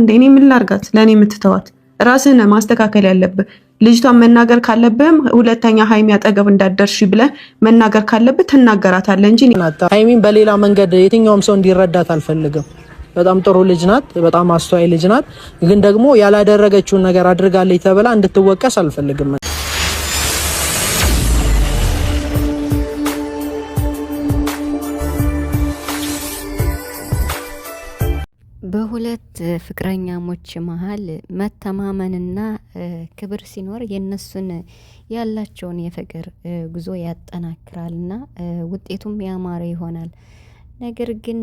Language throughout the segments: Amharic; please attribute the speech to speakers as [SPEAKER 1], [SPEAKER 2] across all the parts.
[SPEAKER 1] እንደ እኔ ምን ላርጋት? ለእኔ የምትተዋት ራስህን ማስተካከል ያለብህ ልጅቷን መናገር ካለብህም ሁለተኛ ሀይሚ አጠገብ እንዳደርሽ ብለህ መናገር ካለብህ ትናገራታለህ እንጂ
[SPEAKER 2] ሀይሚን በሌላ መንገድ የትኛውም ሰው እንዲረዳት አልፈልግም። በጣም ጥሩ ልጅ ናት፣ በጣም አስተዋይ ልጅ ናት። ግን ደግሞ ያላደረገችውን ነገር አድርጋለች ተብላ እንድትወቀስ አልፈልግም።
[SPEAKER 3] ሁለት ፍቅረኛሞች መሀል መተማመንና ክብር ሲኖር የእነሱን ያላቸውን የፍቅር ጉዞ ያጠናክራልና ውጤቱም ያማረ ይሆናል። ነገር ግን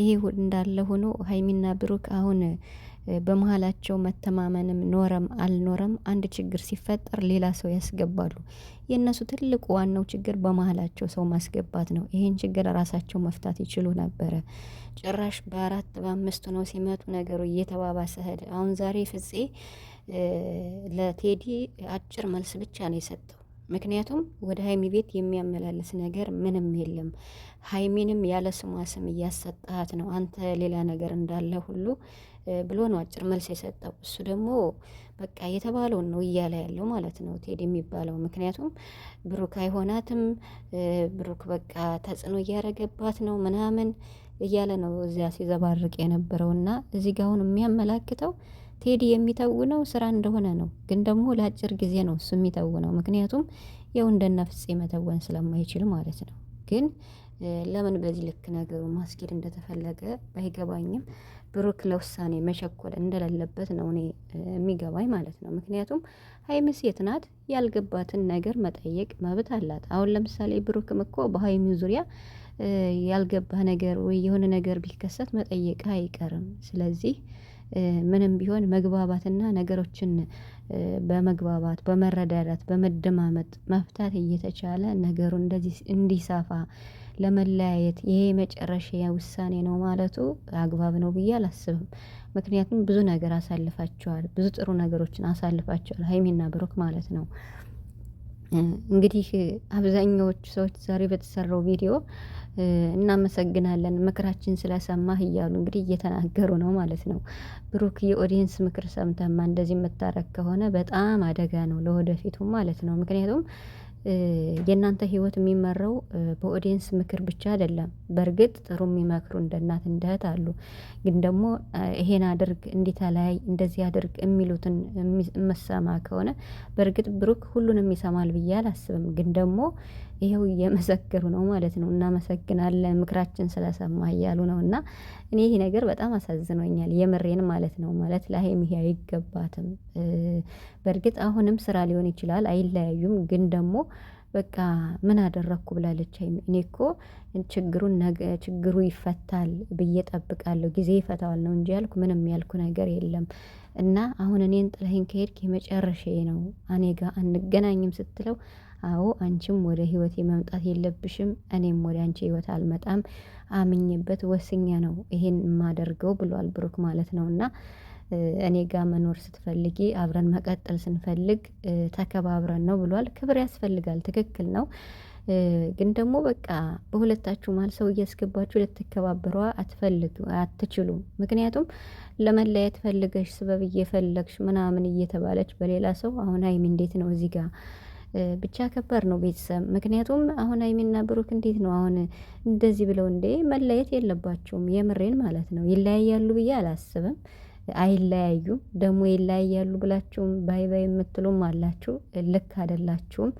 [SPEAKER 3] ይሄ እንዳለ ሆኖ ሀይሚና ብሩክ አሁን በመሃላቸው መተማመንም ኖረም አልኖረም አንድ ችግር ሲፈጠር ሌላ ሰው ያስገባሉ። የእነሱ ትልቁ ዋናው ችግር በመሃላቸው ሰው ማስገባት ነው። ይሄን ችግር ራሳቸው መፍታት ይችሉ ነበረ። ጭራሽ በአራት በአምስት ነው ሲመጡ ነገሩ እየተባባሰ ሄደ። አሁን ዛሬ ፍፄ ለቴዲ አጭር መልስ ብቻ ነው የሰጠው ምክንያቱም ወደ ሀይሚ ቤት የሚያመላልስ ነገር ምንም የለም። ሀይሚንም ያለ ስሟ ስም እያሰጣት ነው አንተ ሌላ ነገር እንዳለ ሁሉ ብሎ ነው አጭር መልስ የሰጠው። እሱ ደግሞ በቃ የተባለውን ነው እያለ ያለው ማለት ነው ቴድ የሚባለው። ምክንያቱም ብሩክ አይሆናትም፣ ብሩክ በቃ ተጽዕኖ እያረገባት ነው ምናምን እያለ ነው እዚያ ሲዘባርቅ የነበረውና እዚህ ጋ አሁን የሚያመላክተው ቴዲ የሚተውነው ስራ እንደሆነ ነው፣ ግን ደግሞ ለአጭር ጊዜ ነው እሱ የሚተውነው። ምክንያቱም ያው እንደነ ፍፄ መተወን ስለማይችል ማለት ነው። ግን ለምን በዚህ ልክ ነገሩ ማስኬድ እንደተፈለገ ባይገባኝም ብሩክ ለውሳኔ መቸኮል እንደሌለበት ነው እኔ የሚገባኝ ማለት ነው። ምክንያቱም ሀይሚ ሴት ናት፣ ያልገባትን ነገር መጠየቅ መብት አላት። አሁን ለምሳሌ ብሩክም እኮ በሀይሚ ዙሪያ ያልገባ ነገር ወይ የሆነ ነገር ቢከሰት መጠየቅ አይቀርም። ስለዚህ ምንም ቢሆን መግባባትና ነገሮችን በመግባባት በመረዳዳት በመደማመጥ መፍታት እየተቻለ ነገሩ እንደዚህ እንዲሰፋ ለመለያየት ይሄ መጨረሻ ውሳኔ ነው ማለቱ አግባብ ነው ብዬ አላስብም። ምክንያቱም ብዙ ነገር አሳልፋቸዋል፣ ብዙ ጥሩ ነገሮችን አሳልፋቸዋል ሀይሚና ብሩክ ማለት ነው። እንግዲህ አብዛኛዎቹ ሰዎች ዛሬ በተሰራው ቪዲዮ እናመሰግናለን ምክራችን ስለሰማህ እያሉ እንግዲህ እየተናገሩ ነው ማለት ነው። ብሩክ የኦዲየንስ ምክር ሰምተማ እንደዚህ የምታረግ ከሆነ በጣም አደጋ ነው ለወደፊቱ ማለት ነው። ምክንያቱም የእናንተ ህይወት የሚመራው በኦዲየንስ ምክር ብቻ አይደለም። በእርግጥ ጥሩ የሚመክሩ እንደ እናት እንደ እህት አሉ። ግን ደግሞ ይሄን አድርግ፣ እንዲተለያይ፣ እንደዚህ አድርግ የሚሉትን የምሰማ ከሆነ በእርግጥ ብሩክ ሁሉንም ይሰማል ብዬ አላስብም። ግን ደግሞ ይኸው እየመሰከሩ ነው ማለት ነው። እናመሰግናለን ምክራችን ስለሰማ እያሉ ነው። እና እኔ ይሄ ነገር በጣም አሳዝኖኛል የምሬን ማለት ነው። ማለት ለሀይሚ አይገባትም። በእርግጥ አሁንም ስራ ሊሆን ይችላል አይለያዩም። ግን ደግሞ በቃ ምን አደረኩ ብላለች ሀይሚ። እኔ እኮ ችግሩን ነገ ችግሩ ይፈታል ብዬ ጊዜ ይፈታዋል ነው እንጂ ያልኩ ምንም ያልኩ ነገር የለም። እና አሁን እኔን ጥለኸኝ ከሄድክ የመጨረሻ ነው፣ እኔ ጋ አንገናኝም ስትለው አዎ አንቺም ወደ ህይወቴ መምጣት የለብሽም፣ እኔም ወደ አንቺ ህይወት አልመጣም፣ አምኜበት ወስኜ ነው ይሄን የማደርገው ብሏል ብሩክ ማለት ነው እና እኔ ጋር መኖር ስትፈልጊ አብረን መቀጠል ስንፈልግ ተከባብረን ነው ብሏል። ክብር ያስፈልጋል። ትክክል ነው። ግን ደግሞ በቃ በሁለታችሁ መሀል ሰው እያስገባችሁ ልትከባበሯ አትፈልጉ አትችሉም። ምክንያቱም ለመለያየት ፈልገሽ ስበብ እየፈለግሽ ምናምን እየተባለች በሌላ ሰው አሁን ሀይሚ እንዴት ነው እዚህ ጋር ብቻ ከባድ ነው ቤተሰብ። ምክንያቱም አሁን ሀይሚና ብሩክ እንዴት ነው አሁን እንደዚህ ብለው እንዴ መለየት የለባቸውም። የምሬን ማለት ነው። ይለያያሉ ብዬ አላስብም። አይለያዩም ደግሞ ይለያያሉ ብላችሁም ባይ ባይ የምትሉም አላችሁ። ልክ አይደላችሁም።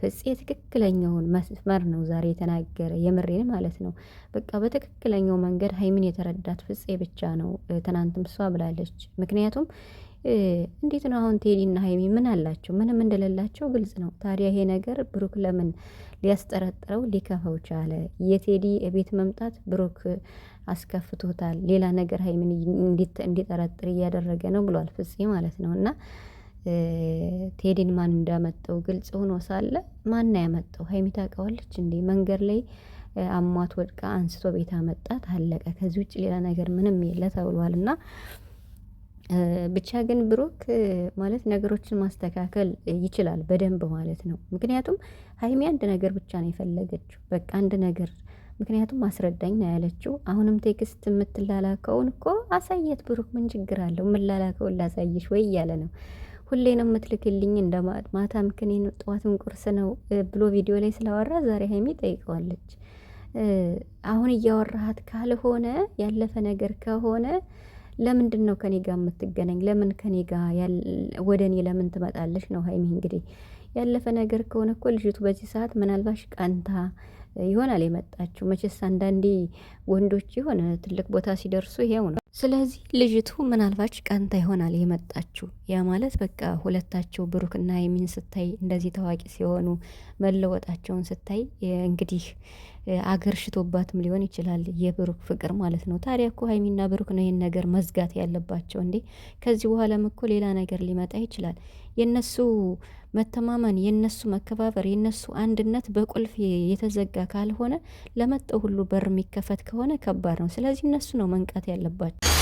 [SPEAKER 3] ፍጼ ትክክለኛውን መስመር ነው ዛሬ የተናገረ የምሬን ማለት ነው። በቃ በትክክለኛው መንገድ ሀይሚን የተረዳት ፍፄ ብቻ ነው። ትናንትም እሷ ብላለች። ምክንያቱም እንዴት ነው አሁን ቴዲና ሀይሚ ምን አላቸው? ምንም እንደሌላቸው ግልጽ ነው። ታዲያ ይሄ ነገር ብሩክ ለምን ሊያስጠረጥረው ሊከፈው ቻለ? የቴዲ ቤት መምጣት ብሩክ አስከፍቶታል። ሌላ ነገር ሀይሚን እንዲጠረጥር እያደረገ ነው ብሏል ፍፄ ማለት ነው። እና ቴዲን ማን እንዳመጣው ግልጽ ሆኖ ሳለ ማን ያመጣው? ሀይሚ ታውቀዋለች እንዴ? መንገድ ላይ አሟት ወድቃ አንስቶ ቤት አመጣት፣ አለቀ። ከዚህ ውጭ ሌላ ነገር ምንም የለ ተብሏል እና ብቻ ግን ብሩክ ማለት ነገሮችን ማስተካከል ይችላል በደንብ ማለት ነው። ምክንያቱም ሀይሚ አንድ ነገር ብቻ ነው የፈለገችው፣ በቃ አንድ ነገር። ምክንያቱም አስረዳኝ ነው ያለችው። አሁንም ቴክስት የምትላላከውን እኮ አሳየት ብሩክ፣ ምን ችግር አለው? የምላላከውን ላሳየሽ ወይ እያለ ነው። ሁሌ ነው የምትልክልኝ እንደ ማታ ምክኔን ጠዋትም ቁርስ ነው ብሎ ቪዲዮ ላይ ስላወራ ዛሬ ሀይሚ ጠይቀዋለች። አሁን እያወራሃት ካልሆነ ያለፈ ነገር ከሆነ ለምንድን ነው ከኔ ጋር የምትገናኝ? ለምን ከኔ ጋር ወደ እኔ ለምን ትመጣለች ነው ሀይሚ። እንግዲህ ያለፈ ነገር ከሆነ እኮ ልጅቱ በዚህ ሰዓት ምናልባሽ ቀንታ ይሆናል የመጣችው። መቼስ አንዳንዴ ወንዶች የሆነ ትልቅ ቦታ ሲደርሱ ይሄው ነው።
[SPEAKER 4] ስለዚህ ልጅቱ ምናልባች ቀንታ ይሆናል የመጣችው። ያ ማለት በቃ ሁለታቸው ብሩክና የሚን ስታይ እንደዚህ ታዋቂ ሲሆኑ መለወጣቸውን ስታይ እንግዲህ አገር ሽቶባትም ሊሆን ይችላል የብሩክ ፍቅር ማለት ነው። ታዲያ እኮ ሀይሚና ብሩክ ነው ይህን ነገር መዝጋት ያለባቸው እንዴ። ከዚህ በኋላም እኮ ሌላ ነገር ሊመጣ ይችላል። የነሱ መተማመን፣ የነሱ መከባበር፣ የነሱ አንድነት በቁልፍ የተዘጋ ካልሆነ ለመጠው ሁሉ በር የሚከፈት ከሆነ ከባድ ነው። ስለዚህ እነሱ ነው መንቃት ያለባቸው።